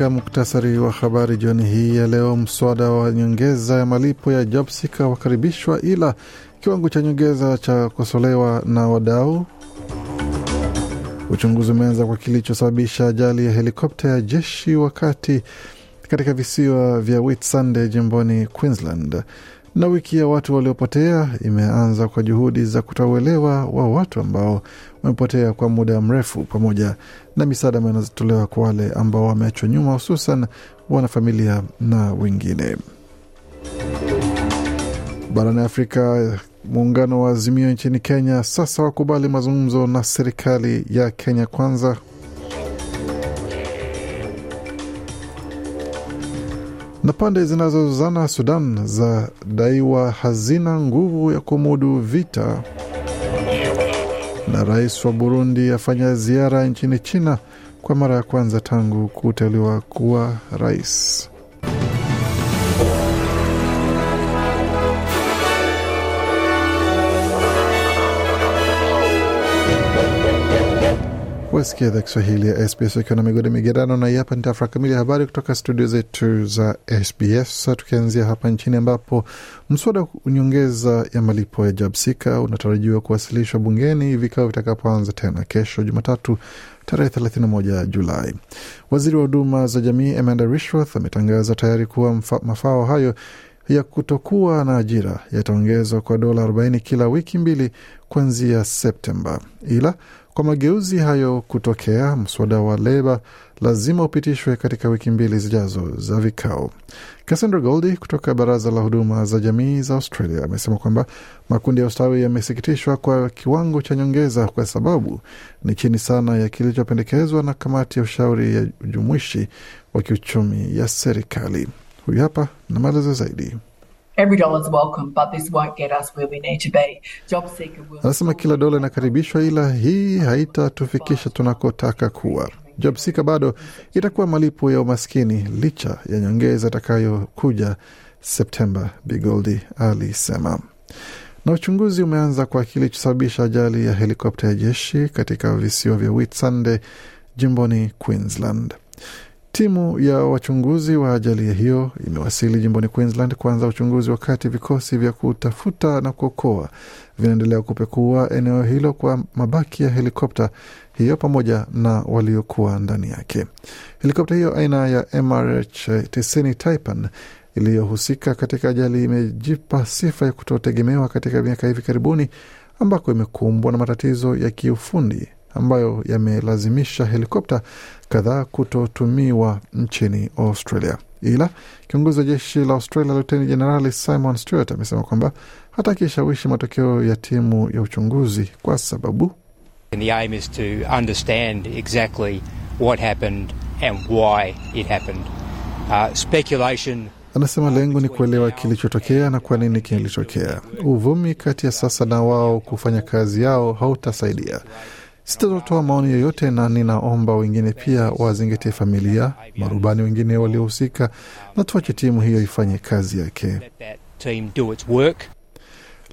katika muktasari wa habari jioni hii ya leo, mswada wa nyongeza ya malipo ya JobSeeker wakaribishwa, ila kiwango cha nyongeza cha kosolewa na wadau. Uchunguzi umeanza kwa kilichosababisha ajali ya helikopta ya jeshi wakati katika visiwa vya Whitsunday jimboni Queensland. Na wiki ya watu waliopotea imeanza kwa juhudi za kutoa uelewa wa watu ambao wamepotea kwa muda mrefu, pamoja na misaada ambayo inazotolewa kwa wale ambao wameachwa nyuma, hususan wanafamilia na wengine. Barani Afrika, muungano wa Azimio nchini Kenya sasa wakubali mazungumzo na serikali ya Kenya Kwanza. Na pande zinazozozana Sudan zadaiwa hazina nguvu ya kumudu vita. Na rais wa Burundi afanya ziara nchini China kwa mara ya kwanza tangu kuteuliwa kuwa rais. Wasikia idhaa Kiswahili ya SBS ukiwa na migodi migerano, na hii hapa ni tafra kamili ya habari kutoka studio zetu za SBS. tukianzia hapa nchini ambapo mswada nyongeza ya malipo ya JABSIKA unatarajiwa kuwasilishwa bungeni vikao vitakapoanza tena kesho Jumatatu tarehe 31 Julai. Waziri wa huduma za jamii Amanda Rishworth ametangaza tayari kuwa mafao hayo ya kutokuwa na ajira yataongezwa kwa dola 40 kila wiki mbili kuanzia Septemba, ila kwa mageuzi hayo kutokea, mswada wa leba lazima upitishwe katika wiki mbili zijazo za vikao. Cassandra Goldie kutoka baraza la huduma za jamii za Australia amesema kwamba makundi ya ustawi yamesikitishwa kwa kiwango cha nyongeza, kwa sababu ni chini sana ya kilichopendekezwa na kamati ya ushauri ya ujumuishi wa kiuchumi ya serikali. Huyu hapa na maelezo zaidi. Anasema kila dola inakaribishwa, ila hii haitatufikisha tunakotaka kuwa. JobSeeker bado itakuwa malipo ya umaskini licha ya nyongeza itakayokuja Septemba, Bigoldi alisema. Na uchunguzi umeanza kwa kilichosababisha ajali ya helikopta ya jeshi katika visiwa vya Whitsunday jimboni Queensland. Timu ya wachunguzi wa ajali hiyo imewasili jimboni Queensland kuanza uchunguzi, wakati vikosi vya kutafuta na kuokoa vinaendelea kupekua eneo hilo kwa mabaki ya helikopta hiyo pamoja na waliokuwa ndani yake. Helikopta hiyo aina ya MRH 90 Taipan iliyohusika katika ajali imejipa sifa ya kutotegemewa katika miaka hivi karibuni, ambako imekumbwa na matatizo ya kiufundi ambayo yamelazimisha helikopta kadhaa kutotumiwa nchini Australia. Ila kiongozi wa jeshi la Australia Luteni Jenerali Simon Stewart amesema kwamba hata akishawishi matokeo ya timu ya uchunguzi kwa sababu And the aim is to understand exactly what happened and why it happened. Uh, speculation Anasema lengo ni kuelewa kilichotokea na kwa nini kilitokea. Uvumi kati ya sasa na wao kufanya kazi yao hautasaidia sitazotoa maoni yoyote, na ninaomba wengine pia wazingatie familia, marubani wengine waliohusika, na tuache timu hiyo ifanye kazi yake.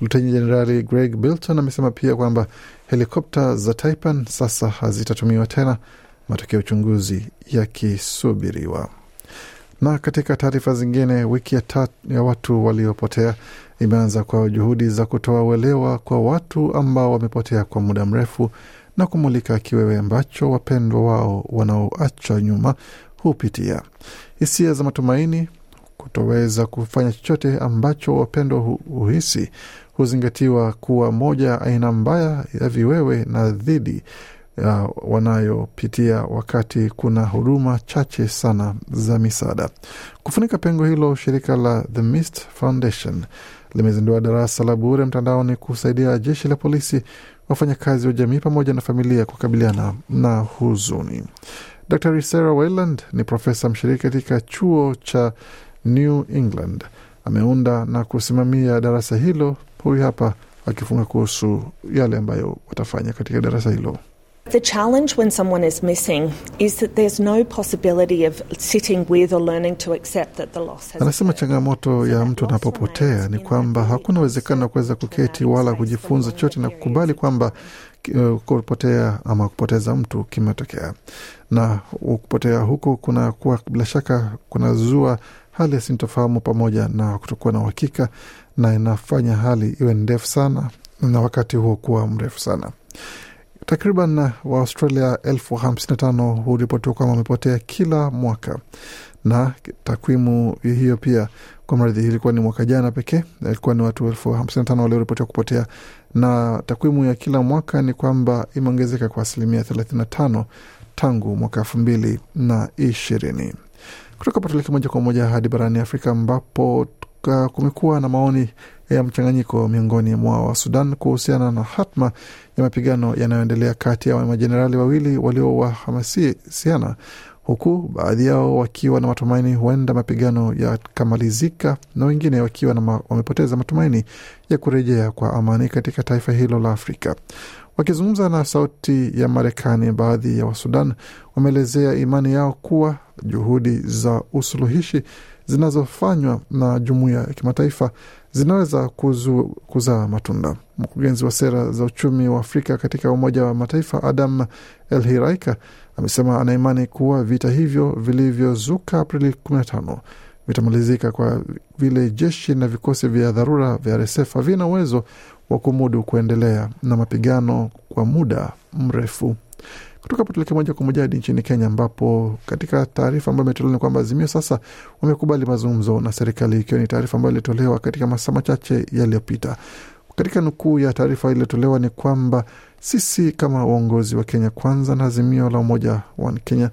Luteni Jenerali Greg Bilton amesema pia kwamba helikopta za Taipan sasa hazitatumiwa tena, matokeo ya uchunguzi yakisubiriwa. Na katika taarifa zingine, wiki ya, ta ya watu waliopotea imeanza kwa juhudi za kutoa uelewa kwa watu ambao wamepotea kwa muda mrefu na kumulika kiwewe ambacho wapendwa wao wanaoacha nyuma hupitia, hisia za matumaini, kutoweza kufanya chochote ambacho wapendwa huhisi huzingatiwa kuwa moja ya aina mbaya ya viwewe na dhidi ya wanayopitia wakati kuna huduma chache sana za misaada. Kufunika pengo hilo, shirika la The Mist Foundation limezindua darasa la bure mtandaoni kusaidia jeshi la polisi wafanyakazi wa jamii pamoja na familia kukabiliana na huzuni. Dr Sarah Wayland ni profesa mshiriki katika chuo cha New England, ameunda na kusimamia darasa hilo. Huyu hapa akifunga kuhusu yale ambayo watafanya katika darasa hilo. The challenge when someone is missing is that there's no possibility of sitting with or learning to accept that the loss has. Anasema changamoto ya mtu anapopotea ni kwamba hakuna uwezekano wa kuweza kuketi wala kujifunza chochote na kukubali kwamba eh, kupotea ama kupoteza mtu kimetokea, na kupotea huko kuwa bila shaka kunazua hali ya sintofahamu pamoja na kutokuwa na uhakika, na inafanya hali iwe ndefu sana na wakati huo kuwa mrefu sana. Takriban eh, Waaustralia elfu hamsini na tano huripotiwa kwamba wamepotea kila mwaka, na takwimu hiyo pia kwa mradhi ilikuwa ni mwaka jana pekee, ilikuwa ni watu elfu hamsini na tano walioripotiwa kupotea, na takwimu ya kila mwaka ni kwamba imeongezeka kwa asilimia thelathini na tano tangu mwaka elfu mbili na ishirini. Kutoka patuliki moja kwa moja hadi barani Afrika ambapo kumekuwa na maoni ya mchanganyiko miongoni mwa wa Sudan kuhusiana na hatma ya mapigano yanayoendelea kati ya majenerali wawili waliowahamasiana huku baadhi yao wakiwa na matumaini huenda mapigano yakamalizika na wengine wakiwa na ma, wamepoteza matumaini ya kurejea kwa amani katika taifa hilo la Afrika. Wakizungumza na Sauti ya Marekani, baadhi ya Wasudan wameelezea imani yao kuwa juhudi za usuluhishi zinazofanywa na jumuiya ya kimataifa zinaweza kuzaa matunda. Mkurugenzi wa sera za uchumi wa Afrika katika Umoja wa Mataifa Adam El Hiraika amesema anaimani kuwa vita hivyo vilivyozuka Aprili 15 vitamalizika kwa vile jeshi na vikosi vya dharura vya RSF havina uwezo wa kumudu kuendelea na mapigano kwa muda mrefu. Kutoka hapo moja kwa moja hadi nchini Kenya, ambapo katika taarifa ambayo imetolewa ni kwamba Azimio sasa wamekubali mazungumzo na serikali, ikiwa ni taarifa ambayo ilitolewa katika masaa machache yaliyopita. Katika nukuu ya taarifa iliyotolewa ni kwamba sisi kama uongozi wa Kenya Kwanza na Azimio la Umoja wa Kenya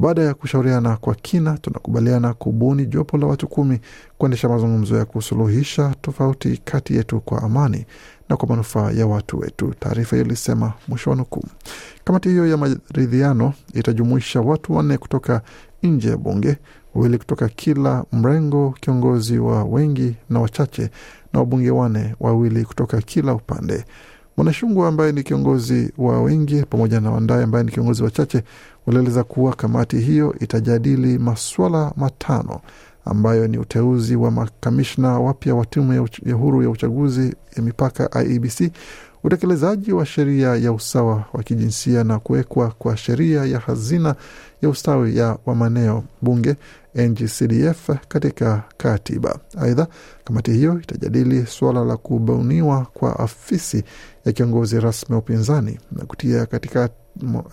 baada ya kushauriana kwa kina, tunakubaliana kubuni jopo la watu kumi kuendesha mazungumzo ya kusuluhisha tofauti kati yetu kwa amani na kwa manufaa ya watu wetu, taarifa hiyo ilisema, mwisho wa nukuu. Kamati hiyo ya maridhiano itajumuisha watu wanne kutoka nje ya bunge, wawili kutoka kila mrengo, kiongozi wa wengi na wachache, na wabunge wanne, wawili kutoka kila upande. Mwanashungwa ambaye ni kiongozi wa wengi pamoja na Wandae ambaye ni kiongozi wa wachache walieleza kuwa kamati hiyo itajadili maswala matano ambayo ni uteuzi wa makamishna wapya wa tume ya huru ya uchaguzi ya mipaka IEBC, utekelezaji wa sheria ya usawa wa kijinsia na kuwekwa kwa sheria ya hazina ya ustawi ya wamaneo bunge NGCDF katika katiba. Aidha, kamati hiyo itajadili suala la kubuniwa kwa afisi ya kiongozi rasmi wa upinzani na kutia katika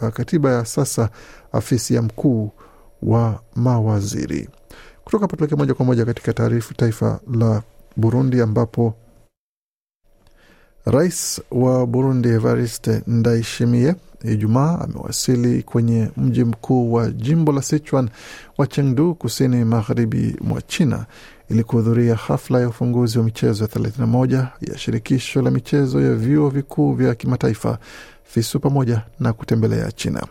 Eh, katiba ya sasa afisi ya mkuu wa mawaziri. Kutoka hapa moja kwa moja katika taarifu taifa la Burundi ambapo rais wa Burundi Evariste ndaishimie Ijumaa amewasili kwenye mji mkuu wa jimbo la Sichuan wa Chengdu, kusini magharibi mwa China, ili kuhudhuria hafla ya ufunguzi wa michezo ya 31 ya shirikisho la michezo ya vyuo vikuu vya kimataifa visu pamoja na kutembelea China.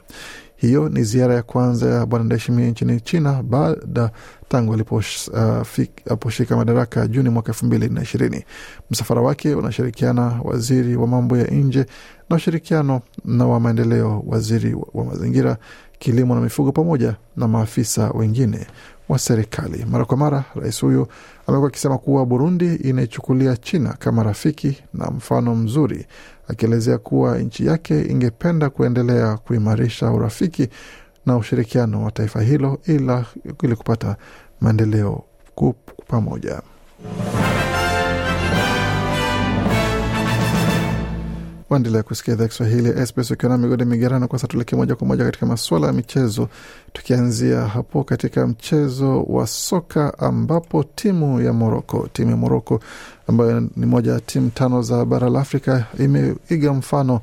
Hiyo ni ziara ya kwanza ya Bwana Ndayishimiye nchini China baada tangu aliposhika uh, madaraka Juni mwaka elfu mbili na ishirini. Msafara wake unashirikiana waziri wa mambo ya nje na ushirikiano na wa maendeleo, waziri wa mazingira, kilimo na mifugo, pamoja na maafisa wengine wa serikali. Mara kwa mara, rais huyu amekuwa akisema kuwa Burundi inaichukulia China kama rafiki na mfano mzuri, akielezea kuwa nchi yake ingependa kuendelea kuimarisha urafiki na ushirikiano wa taifa hilo ila ili kupata maendeleo pamoja. Waendelea kusikia idhaa Kiswahili SBS ukiwa na migode migerano. Kwa sasa tuelekee moja kwa moja katika masuala ya michezo, tukianzia hapo katika mchezo wa soka ambapo timu ya Moroko, timu ya Moroko ambayo ni moja ya timu tano za bara la Afrika imeiga mfano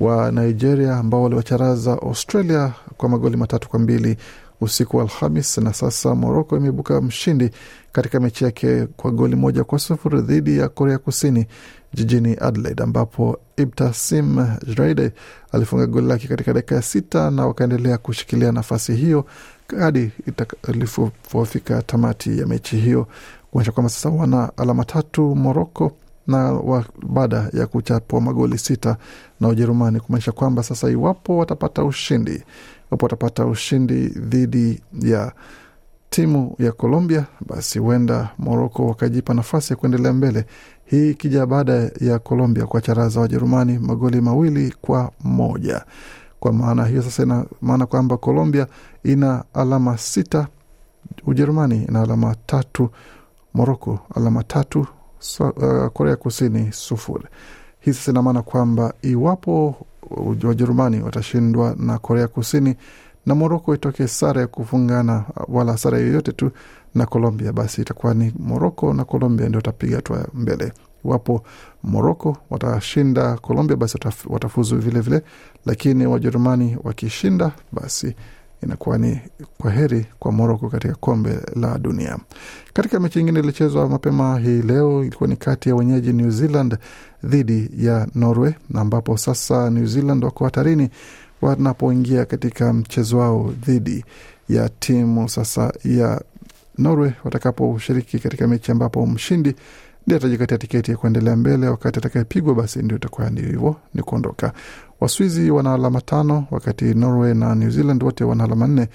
wa Nigeria ambao waliwacharaza Australia kwa magoli matatu kwa mbili usiku wa Alhamis, na sasa Moroko imeibuka mshindi katika mechi yake kwa goli moja kwa sufuri dhidi ya Korea Kusini jijini Adelaide, ambapo Ibtasim Jraide alifunga goli lake katika dakika ya sita na wakaendelea kushikilia nafasi hiyo hadi ilipofika tamati ya mechi hiyo, kuonyesha kwamba sasa wana alama tatu Moroko na baada ya kuchapwa magoli sita na Ujerumani, kumaanisha kwamba sasa iwapo watapata ushindi iwapo watapata ushindi dhidi ya timu ya Colombia, basi huenda Moroko wakajipa nafasi ya kuendelea mbele. Hii ikija baada ya Colombia kuwacharaza Wajerumani magoli mawili kwa moja. Kwa maana hiyo sasa, ina maana kwamba Colombia ina alama sita, Ujerumani ina alama tatu, Moroko alama tatu, so, uh, Korea Kusini sufuri. Hii sasa ina maana kwamba iwapo Wajerumani watashindwa na Korea Kusini na Moroko itoke sare ya kufungana wala sare yoyote tu na Colombia, basi itakuwa ni Moroko na Colombia ndio watapiga hatua mbele. Iwapo Moroko watashinda Colombia, basi watafuzu vilevile vile, lakini Wajerumani wakishinda, basi inakuwa ni kwa heri kwa Moroko katika kombe la dunia. Katika mechi ingine ilichezwa mapema hii leo, ilikuwa ni kati ya wenyeji New Zealand dhidi ya Norway, ambapo sasa New Zealand wako hatarini wanapoingia katika mchezo wao dhidi ya timu sasa ya Norway watakaposhiriki katika mechi ambapo mshindi ndi atajikatia tiketi ya kuendelea mbele, wakati atakayepigwa basi ndio itakuwa ni hivyo ni kuondoka. Waswizi wana alama tano, wakati Norway na New Zealand wote wana alama nne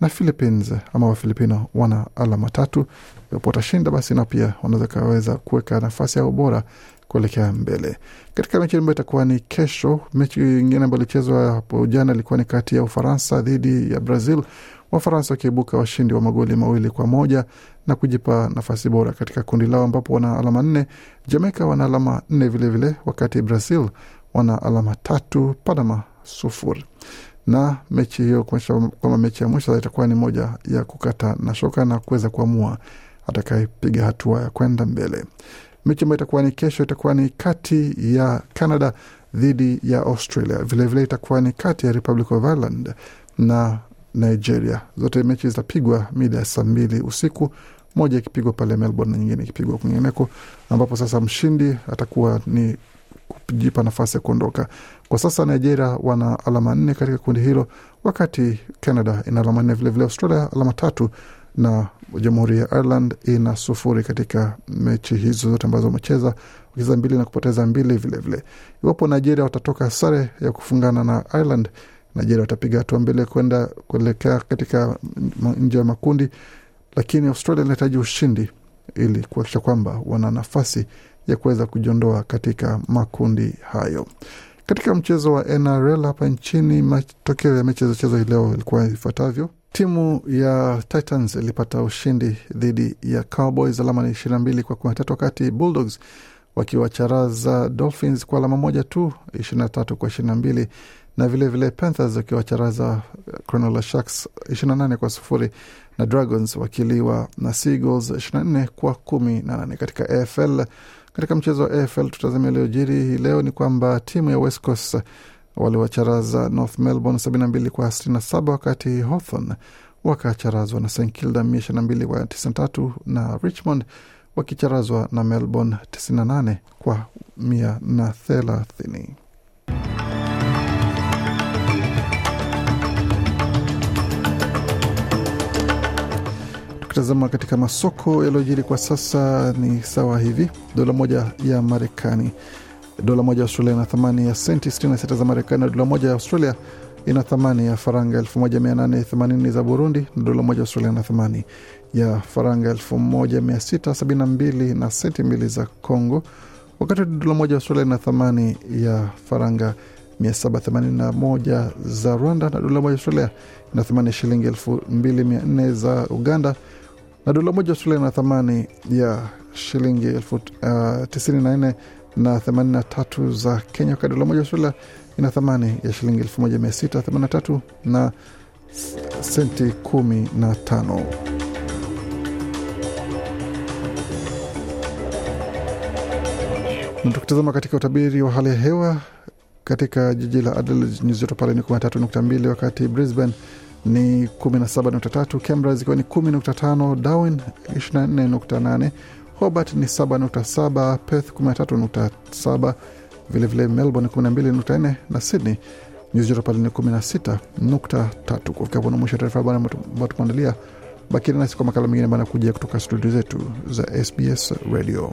na Philippines ama Wafilipino wana alama tatu. Iwapo watashinda basi nao pia wanaweza kaweza kuweka nafasi yao bora kuelekea mbele. Katika mechi ambayo itakuwa ni kesho, mechi ingine ambayo ilichezwa hapo jana ilikuwa ni kati ya Ufaransa dhidi ya Brazil, Wafaransa wakiibuka washindi wa magoli mawili kwa moja na kujipa nafasi bora katika kundi lao ambapo wana alama nne. Jamaika wana alama nne vilevile wakati Brazil wana alama tatu, Panama sufuri na mechi hiyo kwamba mechi ya mwisho itakuwa ni moja ya kukata na shoka na kuweza kuamua atakayepiga hatua ya kwenda mbele mechi ambayo itakuwa ni kesho itakuwa ni kati ya Canada dhidi ya Australia. Vilevile itakuwa ni kati ya Republic of Ireland na Nigeria. Zote mechi zitapigwa mida ya saa mbili usiku, moja ikipigwa pale Melbourne na nyingine ikipigwa kwingineko, ambapo sasa mshindi atakuwa ni kujipa nafasi ya kuondoka. Kwa sasa Nigeria wana alama nne katika kundi hilo, wakati Canada ina alama nne, vilevile Australia alama tatu na jamhuri ya Ireland ina sufuri katika mechi hizo zote ambazo wamecheza wakicheza mbili na kupoteza mbili vilevile. Iwapo Nigeria watatoka sare ya kufungana na Ireland, Nigeria watapiga hatua mbele kwenda kuelekea katika nje ya makundi, lakini Australia inahitaji ushindi ili kuhakikisha kwamba wana nafasi ya kuweza kujiondoa katika makundi hayo. Katika mchezo wa NRL hapa nchini, matokeo ya mechi zilizochezwa hii leo ilikuwa ifuatavyo: Timu ya Titans ilipata ushindi dhidi ya Cowboys alama ni ishirini na mbili kwa kumi na tatu wakati Bulldogs wakiwacharaza Dolphins kwa alama moja tu ishirini na tatu kwa ishirini na mbili na vilevile vile Panthers wakiwacharaza uh, Cronulla Sharks nane kwa sufuri na Dragons wakiliwa na Seagulls nne kwa kumi na nane katika AFL. Katika mchezo wa AFL tutazamia iliyojiri hii leo ni kwamba timu ya West Coast waliwacharaza North Melbourne 72 kwa 67, wakati Hawthorn wakacharazwa na St Kilda 122 kwa 93 na Richmond wakicharazwa na Melbourne 98 kwa 130. Tukitazama katika masoko yaliyojiri kwa sasa ni sawa hivi: dola moja ya Marekani Dola moja ya Australia ina thamani ya senti 66 za Marekani, na dola moja ya Australia ina thamani ya faranga 1880 za Burundi, na dola moja ya Australia ina thamani ya faranga 1672 na senti mbili za Congo, wakati dola moja ya Australia ina thamani ya faranga 781 za Rwanda, na dola moja ya Australia ina thamani ya shilingi 2400 za Uganda, na dola moja ya Australia ina thamani ya shilingi 94 uh, na 83 za Kenya, wakati dola moja Australia ina thamani ya shilingi 1683 na senti 15. Na tukitazama katika utabiri wa hali ya hewa katika jiji la Adelaide nyuzi joto pale ni 13.2, wakati Brisbane ni 17.3, Canberra zikiwa ni 10.5, Darwin 24.8 Hobart ni 7.7, Perth 13.7, vilevile Melbourne 12.4 na Sydney nyuzi joto pale ni 16.3. Kufikia pona mwisho taarifa habari ambayo tumeandalia. Bakini nasi kwa makala mengine ambayo kuja kutoka studio zetu za SBS Radio.